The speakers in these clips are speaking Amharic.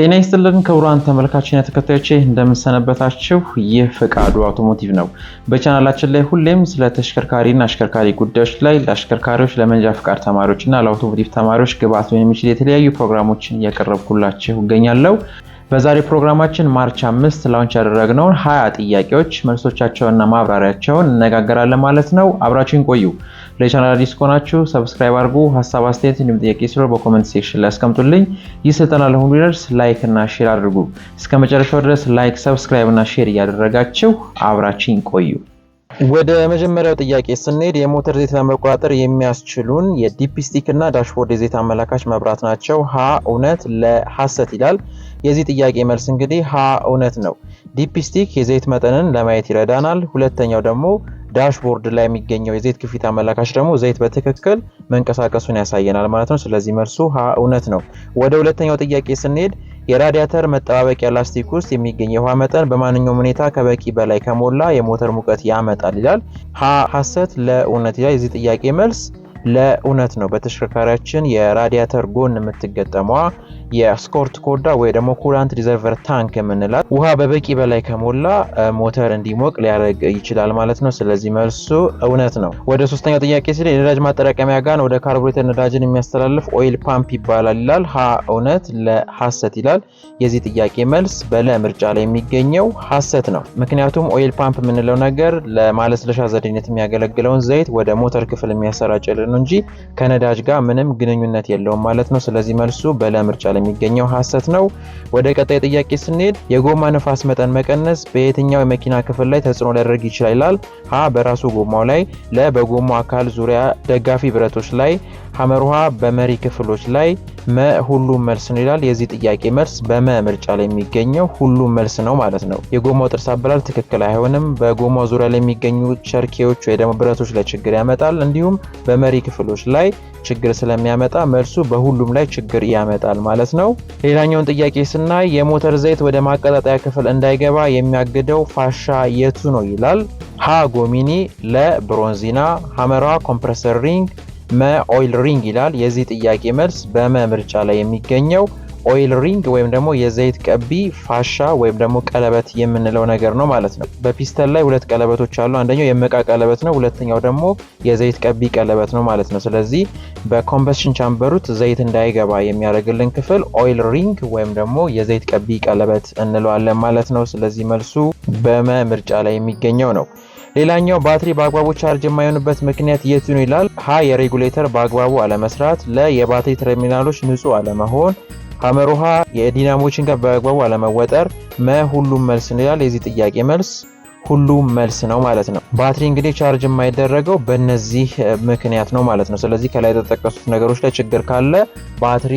ጤና ይስጥልን ክቡራን ተመልካችና ተከታዮች እንደምንሰነበታችሁ። ይህ ፍቃዱ አውቶሞቲቭ ነው። በቻናላችን ላይ ሁሌም ስለ ተሽከርካሪና አሽከርካሪ ጉዳዮች ላይ ለአሽከርካሪዎች፣ ለመንጃ ፍቃድ ተማሪዎችና ለአውቶሞቲቭ ተማሪዎች ግብዓት ሊሆን የሚችል የተለያዩ ፕሮግራሞችን እያቀረብኩላችሁ እገኛለሁ። በዛሬ ፕሮግራማችን ማርች አምስት ላውንች ያደረግነውን ሀያ ጥያቄዎች መልሶቻቸውንና ማብራሪያቸውን እነጋገራለን ማለት ነው። አብራችን ቆዩ። ለቻናል አዲስ ከሆናችሁ ሰብስክራይብ አድርጉ። ሀሳብ አስተያየት፣ እንዲሁም ጥያቄ ሲኖር በኮመንት ሴክሽን ላይ አስቀምጡልኝ። ይህ ስልጠና ለሁሉ ይደርስ ላይክ እና ሼር አድርጉ። እስከ መጨረሻው ድረስ ላይክ፣ ሰብስክራይብ እና ሼር እያደረጋችሁ አብራችኝ ቆዩ። ወደ መጀመሪያው ጥያቄ ስንሄድ የሞተር ዘይት ለመቆጣጠር የሚያስችሉን የዲፕስቲክ እና ዳሽቦርድ የዘይት አመላካች መብራት ናቸው። ሀ እውነት፣ ለሀሰት ይላል። የዚህ ጥያቄ መልስ እንግዲህ ሀ እውነት ነው። ዲፕስቲክ የዘይት መጠንን ለማየት ይረዳናል። ሁለተኛው ደግሞ ዳሽቦርድ ላይ የሚገኘው የዘይት ክፊት አመላካች ደግሞ ዘይት በትክክል መንቀሳቀሱን ያሳየናል ማለት ነው። ስለዚህ መልሱ ሀ እውነት ነው። ወደ ሁለተኛው ጥያቄ ስንሄድ የራዲያተር መጠባበቂያ ላስቲክ ውስጥ የሚገኝ የውሃ መጠን በማንኛውም ሁኔታ ከበቂ በላይ ከሞላ የሞተር ሙቀት ያመጣል ይላል። ሀ ሀሰት ለእውነት ይላል። የዚህ ጥያቄ መልስ ለእውነት ነው። በተሽከርካሪያችን የራዲያተር ጎን የምትገጠመዋ የስኮርት ኮዳ ወይ ደግሞ ኩራንት ሪዘርቨር ታንክ የምንላት ውሃ በበቂ በላይ ከሞላ ሞተር እንዲሞቅ ሊያደርግ ይችላል ማለት ነው። ስለዚህ መልሱ እውነት ነው። ወደ ሶስተኛው ጥያቄ ሲል የነዳጅ ማጠራቀሚያ ጋን ወደ ካርቡሬተር ነዳጅን የሚያስተላልፍ ኦይል ፓምፕ ይባላል ይላል። ሀ እውነት፣ ለሀሰት ይላል። የዚህ ጥያቄ መልስ በለ ምርጫ ላይ የሚገኘው ሀሰት ነው። ምክንያቱም ኦይል ፓምፕ የምንለው ነገር ለማለስለሻ ዘዴነት የሚያገለግለውን ዘይት ወደ ሞተር ክፍል የሚያሰራጭልን ነው እንጂ ከነዳጅ ጋር ምንም ግንኙነት የለውም ማለት ነው። ስለዚህ መልሱ በለ ምርጫ እየተባለ የሚገኘው ሀሰት ነው። ወደ ቀጣይ ጥያቄ ስንሄድ የጎማ ንፋስ መጠን መቀነስ በየትኛው የመኪና ክፍል ላይ ተጽዕኖ ሊያደርግ ይችላል ይላል። ሀ በራሱ ጎማው ላይ፣ ለ በጎማው አካል ዙሪያ ደጋፊ ብረቶች ላይ፣ ሐመርሃ በመሪ ክፍሎች ላይ መ ሁሉም መልስ ነው ይላል። የዚህ ጥያቄ መልስ በመ ምርጫ ላይ የሚገኘው ሁሉም መልስ ነው ማለት ነው። የጎማው ጥርስ አበላል ትክክል አይሆንም። በጎማው ዙሪያ ላይ የሚገኙ ቸርኬዎች ወይ ደግሞ ብረቶች ላይ ችግር ያመጣል። እንዲሁም በመሪ ክፍሎች ላይ ችግር ስለሚያመጣ መልሱ በሁሉም ላይ ችግር ያመጣል ማለት ነው። ሌላኛውን ጥያቄ ስናይ የሞተር ዘይት ወደ ማቀጣጠያ ክፍል እንዳይገባ የሚያግደው ፋሻ የቱ ነው ይላል። ሀ ጎሚኒ፣ ለ ብሮንዚና፣ ሐመራ ኮምፕረሰር ሪንግ መ ኦይል ሪንግ ይላል። የዚህ ጥያቄ መልስ በመ ምርጫ ላይ የሚገኘው ኦይል ሪንግ ወይም ደግሞ የዘይት ቀቢ ፋሻ ወይም ደግሞ ቀለበት የምንለው ነገር ነው ማለት ነው። በፒስተል ላይ ሁለት ቀለበቶች አሉ። አንደኛው የመቃ ቀለበት ነው፣ ሁለተኛው ደግሞ የዘይት ቀቢ ቀለበት ነው ማለት ነው። ስለዚህ በኮምበስሽን ቻምበሩት ዘይት እንዳይገባ የሚያደርግልን ክፍል ኦይል ሪንግ ወይም ደግሞ የዘይት ቀቢ ቀለበት እንለዋለን ማለት ነው። ስለዚህ መልሱ በመ ምርጫ ላይ የሚገኘው ነው። ሌላኛው ባትሪ በአግባቡ ቻርጅ የማይሆንበት ምክንያት የቱ ነው ይላል። ሀ የሬጉሌተር በአግባቡ አለመስራት፣ ለ የባትሪ ተርሚናሎች ንጹህ አለመሆን፣ ሀመሮሃ የዲናሞችን ጋር በአግባቡ አለመወጠር፣ መ ሁሉም መልስ ነው ይላል። የዚህ ጥያቄ መልስ ሁሉም መልስ ነው ማለት ነው። ባትሪ እንግዲህ ቻርጅ የማይደረገው በእነዚህ ምክንያት ነው ማለት ነው። ስለዚህ ከላይ የተጠቀሱት ነገሮች ላይ ችግር ካለ ባትሪ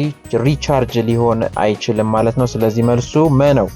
ሪቻርጅ ሊሆን አይችልም ማለት ነው። ስለዚህ መልሱ መ ነው።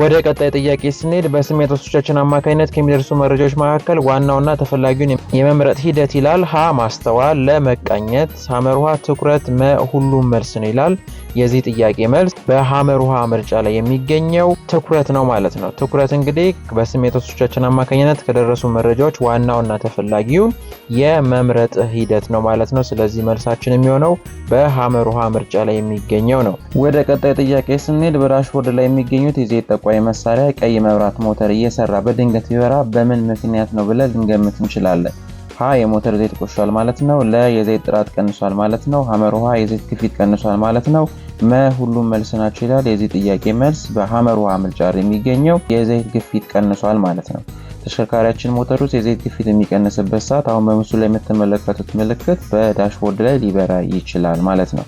ወደ ቀጣይ ጥያቄ ስንሄድ በስሜቶቻችን አማካኝነት ከሚደርሱ መረጃዎች መካከል ዋናውና ተፈላጊውን የመምረጥ ሂደት ይላል። ሀ ማስተዋል፣ ለመቃኘት መቃኘት፣ ሀመርሃ ትኩረት፣ መ ሁሉም መልስ ነው ይላል። የዚህ ጥያቄ መልስ በሀመርሃ ምርጫ ላይ የሚገኘው ትኩረት ነው ማለት ነው። ትኩረት እንግዲህ በስሜቶቻችን አማካኝነት ከደረሱ መረጃዎች ዋናውና ተፈላጊውን የመምረጥ ሂደት ነው ማለት ነው። ስለዚህ መልሳችን የሚሆነው በሀመርሃ ምርጫ ላይ የሚገኘው ነው። ወደ ቀጣይ ጥያቄ ስንሄድ በዳሽቦርድ ላይ የሚገኙት የዜጠቁ መቆያ መሳሪያ ቀይ መብራት ሞተር እየሰራ በድንገት ቢበራ በምን ምክንያት ነው ብለን ልንገምት እንችላለን? ሀ የሞተር ዘይት ቆሽሿል ማለት ነው። ለ የዘይት ጥራት ቀንሷል ማለት ነው። ሐመር ውሃ የዘይት ግፊት ቀንሷል ማለት ነው። መ ሁሉም መልስ ናቸው ይላል። የዚህ ጥያቄ መልስ በሐመር ውሃ ምልጫር የሚገኘው የዘይት ግፊት ቀንሷል ማለት ነው። ተሽከርካሪያችን ሞተር ውስጥ የዘይት ግፊት የሚቀንስበት ሰዓት አሁን በምስሉ ላይ የምትመለከቱት ምልክት በዳሽቦርድ ላይ ሊበራ ይችላል ማለት ነው።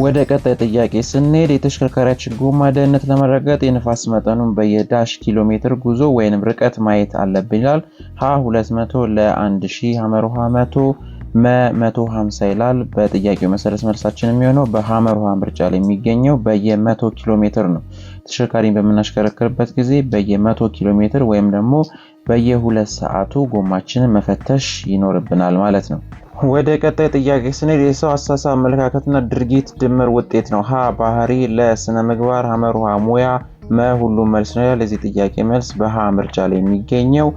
ወደ ቀጣይ ጥያቄ ስንሄድ የተሽከርካሪያችን ጎማ ደህንነት ለመረገጥ የንፋስ መጠኑን በየዳሽ ኪሎ ሜትር ጉዞ ወይም ርቀት ማየት አለብን ይላል። ሀ 200 ለ1000 ሀመር 100 መ 150 ይላል። በጥያቄው መሰረት መልሳችን የሚሆነው በሀመር ውሃ ምርጫ ላይ የሚገኘው በየ100 ኪሎ ሜትር ነው። ተሽከርካሪን በምናሽከረክርበት ጊዜ በየ100 ኪሎ ሜትር ወይም ደግሞ በየ2 ሰዓቱ ጎማችንን መፈተሽ ይኖርብናል ማለት ነው። ወደ ቀጣይ ጥያቄ ስንሄድ የሰው አሳሳ አመለካከትና ድርጊት ድምር ውጤት ነው። ሀ ባህሪ፣ ለስነ ምግባር፣ ሀመርሃ ሙያ፣ መ ሁሉም መልስ ነው ለዚህ ጥያቄ መልስ በሀ ምርጫ ላይ የሚገኘው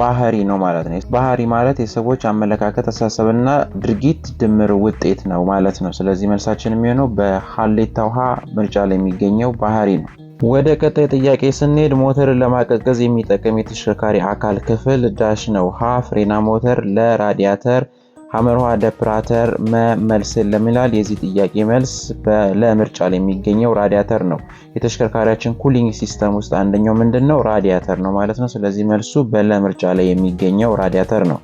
ባህሪ ነው ማለት ነው። ባህሪ ማለት የሰዎች አመለካከት አሳሰብና ድርጊት ድምር ውጤት ነው ማለት ነው። ስለዚህ መልሳችን የሚሆነው በሀሌታው ሀ ምርጫ ላይ የሚገኘው ባህሪ ነው። ወደ ቀጣይ ጥያቄ ስንሄድ ሞተርን ለማቀዝቀዝ የሚጠቀም የተሽከርካሪ አካል ክፍል ዳሽ ነው። ሀ ፍሬና ሞተር፣ ለራዲያተር ሀመርሃ ደፕራተር መመልስል ለሚላል የዚህ ጥያቄ መልስ ለምርጫ ላይ የሚገኘው ራዲያተር ነው። የተሽከርካሪያችን ኩሊንግ ሲስተም ውስጥ አንደኛው ምንድን ነው? ራዲያተር ነው ማለት ነው። ስለዚህ መልሱ በለምርጫ ላይ የሚገኘው ራዲያተር ነው።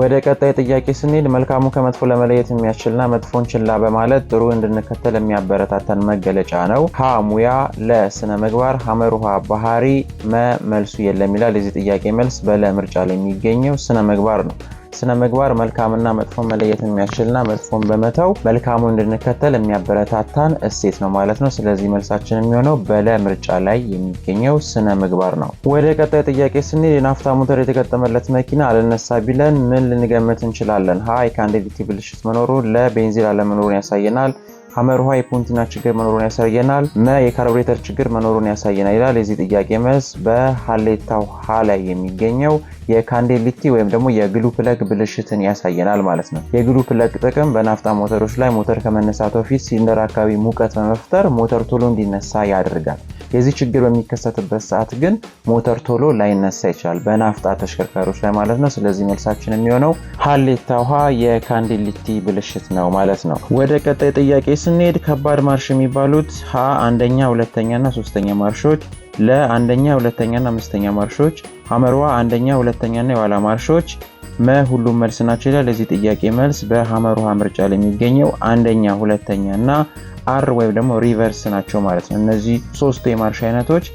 ወደ ቀጣይ ጥያቄ ስንሄድ መልካሙ ከመጥፎ ለመለየት የሚያስችልና መጥፎን ችላ በማለት ጥሩ እንድንከተል የሚያበረታተን መገለጫ ነው። ሀ ሙያ፣ ለ ስነ ምግባር፣ ሀመሩሃ ባህሪ፣ መ መልሱ የለም ይላል። የዚህ ጥያቄ መልስ በለ ምርጫ ላይ የሚገኘው ስነ ምግባር ነው። ስነ ምግባር መልካምና መጥፎ መለየት የሚያስችልና መጥፎን በመተው መልካሙ እንድንከተል የሚያበረታታን እሴት ነው ማለት ነው። ስለዚህ መልሳችን የሚሆነው በለ ምርጫ ላይ የሚገኘው ስነ ምግባር ነው። ወደ ቀጣይ ጥያቄ ስንሄድ የናፍታ ሞተር የተገጠመለት መኪና አልነሳ ቢለን ምን ልንገምት እንችላለን? ሀ የካንዲቪቲ ብልሽት መኖሩን፣ ለቤንዚን አለመኖሩን ያሳየናል ሀመር ውሃ የፖንቲና ችግር መኖሩን ያሳየናል። መ የካርቡሬተር ችግር መኖሩን ያሳየናል ይላል። የዚህ ጥያቄ መልስ በሀሌታው ውሃ ላይ የሚገኘው የካንዴሊቲ ወይም ደግሞ የግሉ ፕለግ ብልሽትን ያሳየናል ማለት ነው። የግሉ ፕለግ ጥቅም በናፍጣ ሞተሮች ላይ ሞተር ከመነሳቱ በፊት ሲሊንደር አካባቢ ሙቀት በመፍጠር ሞተር ቶሎ እንዲነሳ ያደርጋል። የዚህ ችግር በሚከሰትበት ሰዓት ግን ሞተር ቶሎ ላይነሳ ይችላል፣ በናፍጣ ተሽከርካሪዎች ላይ ማለት ነው። ስለዚህ መልሳችን የሚሆነው ሀሌታ ውሃ የካንዲሊቲ ብልሽት ነው ማለት ነው። ወደ ቀጣይ ጥያቄ ስንሄድ ከባድ ማርሽ የሚባሉት ሀ አንደኛ፣ ሁለተኛና ሶስተኛ ማርሾች፣ ለአንደኛ አንደኛ፣ ሁለተኛና አምስተኛ ማርሾች፣ ሐመርዋ አንደኛ፣ ሁለተኛና የኋላ ማርሾች መ ሁሉም መልስ ናቸው ይላል። ለዚህ ጥያቄ መልስ በሐመርዋ ምርጫ ላይ የሚገኘው አንደኛ፣ ሁለተኛ አር ወይም ደግሞ ሪቨርስ ናቸው ማለት ነው። እነዚህ ሶስቱ የማርሽ አይነቶች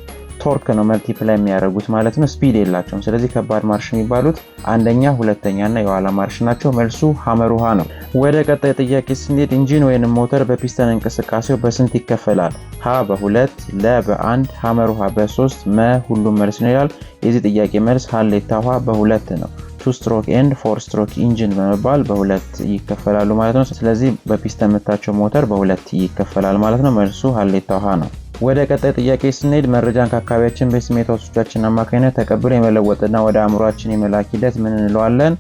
ቶርክ ነው መልቲፕላይ የሚያደርጉት ማለት ነው። ስፒድ የላቸውም። ስለዚህ ከባድ ማርሽ የሚባሉት አንደኛ፣ ሁለተኛ ና የኋላ ማርሽ ናቸው። መልሱ ሀመር ውሃ ነው። ወደ ቀጣይ ጥያቄ ስንሄድ ኢንጂን ወይንም ሞተር በፒስተን እንቅስቃሴው በስንት ይከፈላል? ሀ በሁለት ለ በአንድ ሀመር ውሃ በሶስት መ ሁሉም መልስ ነው ይላል። የዚህ ጥያቄ መልስ ሀሌታ ውሃ በሁለት ነው። ቱ ስትሮክ ኤንድ ፎር ስትሮክ ኢንጂን በመባል በሁለት ይከፈላሉ ማለት ነው። ስለዚህ በፒስተን የምታቸው ሞተር በሁለት ይከፈላል ማለት ነው። መልሱ ሀሌታ ውሃ ነው። ወደ ቀጣይ ጥያቄ ስንሄድ መረጃን ከአካባቢያችን በስሜቶቻችን አማካኝነት ተቀብሎ የመለወጥና ወደ አእምሯችን የመላክ ሂደት ምን እንለዋለን?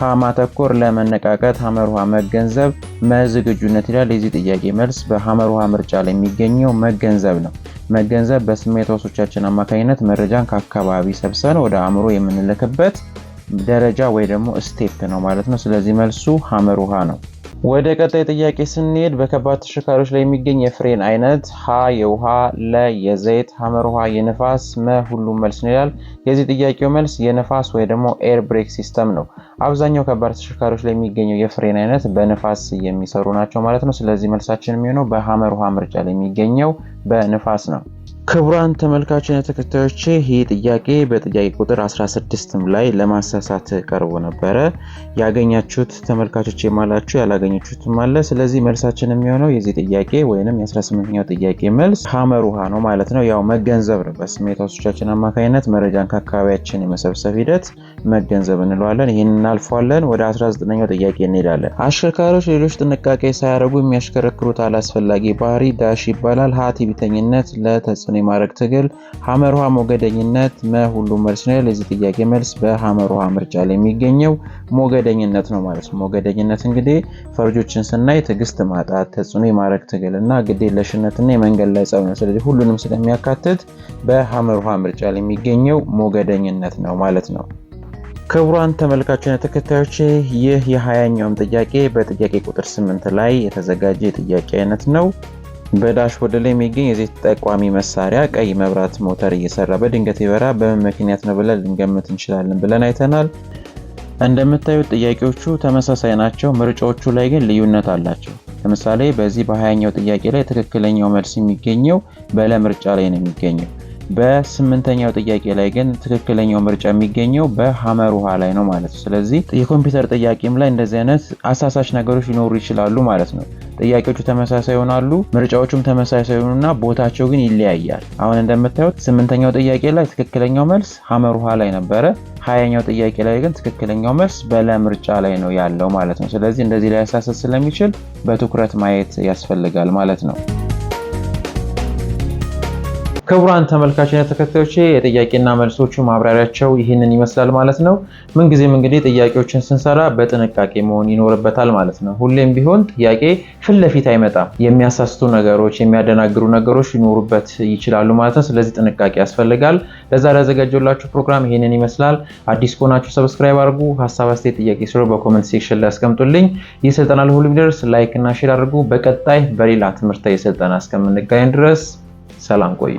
ሀማ ለመነቃቀት ሀመር ውሃ መገንዘብ መዝግጁነት ይላል። የዚህ ጥያቄ መልስ በሀመር ውሃ ምርጫ ላይ የሚገኘው መገንዘብ ነው። መገንዘብ በስሜት ሕዋሶቻችን አማካኝነት መረጃን ከአካባቢ ሰብሰን ወደ አእምሮ የምንልክበት ደረጃ ወይ ደግሞ ስቴፕ ነው ማለት ነው። ስለዚህ መልሱ ሀመር ውሃ ነው። ወደ ቀጣይ ጥያቄ ስንሄድ በከባድ ተሽከርካሪዎች ላይ የሚገኝ የፍሬን አይነት ሀ የውሃ፣ ለ የዘይት፣ ሀመር ውሃ የንፋስ፣ መ ሁሉም መልስ ነው ይላል። የዚህ ጥያቄው መልስ የንፋስ ወይ ደግሞ ኤር ብሬክ ሲስተም ነው። አብዛኛው ከባድ ተሽከርካሪዎች ላይ የሚገኘው የፍሬን አይነት በንፋስ የሚሰሩ ናቸው ማለት ነው። ስለዚህ መልሳችን የሚሆነው በሀመር ውሃ ምርጫ ላይ የሚገኘው በንፋስ ነው። ክቡራን ተመልካችና ተከታዮች ይህ ጥያቄ በጥያቄ ቁጥር 16ም ላይ ለማሳሳት ቀርቦ ነበረ። ያገኛችሁት ተመልካቾች የማላችሁ ያላገኘችሁት አለ። ስለዚህ መልሳችን የሚሆነው የዚህ ጥያቄ ወይም የ18ኛው ጥያቄ መልስ ሀመር ውሃ ነው ማለት ነው። ያው መገንዘብ ነው። በስሜት አማካኝነት መረጃን ከአካባቢያችን የመሰብሰብ ሂደት መገንዘብ እንለዋለን። ይህን እናልፏለን። ወደ 19ኛው ጥያቄ እንሄዳለን። አሽከርካሪዎች ሌሎች ጥንቃቄ ሳያደርጉ የሚያሽከረክሩት አላስፈላጊ ባህሪ ዳሽ ይባላል። ሀ ትዕቢተኝነት ለተጽዕኖ የማድረግ ትግል ውሃ ሞገደኝነት መሁሉም መልስ ነው። የዚህ ጥያቄ መልስ ውሃ ምርጫ ላይ የሚገኘው ሞገደኝነት ነው ማለት ነው። ሞገደኝነት እንግዲህ ፈርጆችን ስናይ ትዕግስት ማጣት፣ ተጽዕኖ የማድረግ ትግል እና ግዴለሽነትና የመንገድ ላይ ጸብ ነው። ስለዚህ ሁሉንም ስለሚያካትት ውሃ ምርጫ ላይ የሚገኘው ሞገደኝነት ነው ማለት ነው። ክቡራን ተመልካችን ተከታዮች ይህ የሀያኛውም ጥያቄ በጥያቄ ቁጥር ስምንት ላይ የተዘጋጀ የጥያቄ አይነት ነው። በዳሽቦርድ ላይ የሚገኝ የዘይት ጠቋሚ መሳሪያ ቀይ መብራት ሞተር እየሰራ በድንገት ይበራ በምን ምክንያት ነው ብለን ልንገምት እንችላለን ብለን አይተናል። እንደምታዩት ጥያቄዎቹ ተመሳሳይ ናቸው፣ ምርጫዎቹ ላይ ግን ልዩነት አላቸው። ለምሳሌ በዚህ በሀያኛው ጥያቄ ላይ ትክክለኛው መልስ የሚገኘው በለ ምርጫ ላይ ነው የሚገኘው። በስምንተኛው ጥያቄ ላይ ግን ትክክለኛው ምርጫ የሚገኘው በሀመር ውሃ ላይ ነው ማለት ነው። ስለዚህ የኮምፒውተር ጥያቄም ላይ እንደዚህ አይነት አሳሳች ነገሮች ሊኖሩ ይችላሉ ማለት ነው። ጥያቄዎቹ ተመሳሳይ ይሆናሉ፣ ምርጫዎቹም ተመሳሳይ ይሆኑና ቦታቸው ግን ይለያያል። አሁን እንደምታዩት ስምንተኛው ጥያቄ ላይ ትክክለኛው መልስ ሀመር ውሃ ላይ ነበረ። ሀያኛው ጥያቄ ላይ ግን ትክክለኛው መልስ በለ ምርጫ ላይ ነው ያለው ማለት ነው። ስለዚህ እንደዚህ ሊያሳስት ስለሚችል በትኩረት ማየት ያስፈልጋል ማለት ነው። ክቡራን ተመልካችና ተከታዮቼ የጥያቄና መልሶቹ ማብራሪያቸው ይህንን ይመስላል ማለት ነው። ምንጊዜም እንግዲህ ጥያቄዎችን ስንሰራ በጥንቃቄ መሆን ይኖርበታል ማለት ነው። ሁሌም ቢሆን ጥያቄ ፊት ለፊት አይመጣም። የሚያሳስቱ ነገሮች፣ የሚያደናግሩ ነገሮች ሊኖሩበት ይችላሉ ማለት ነው። ስለዚህ ጥንቃቄ ያስፈልጋል። ለዛሬ ያዘጋጀላችሁ ፕሮግራም ይህንን ይመስላል። አዲስ ከሆናችሁ ሰብስክራይብ አድርጉ። ሀሳብ አስተያየት፣ ጥያቄ ስለ በኮመንት ሴክሽን ላይ አስቀምጡልኝ። ይህ ስልጠና ለሁሉም ይደርስ ላይክ እና ሼር አድርጉ። በቀጣይ በሌላ ትምህርታዊ ስልጠና እስከምንገናኝ ድረስ ሰላም ቆዩ።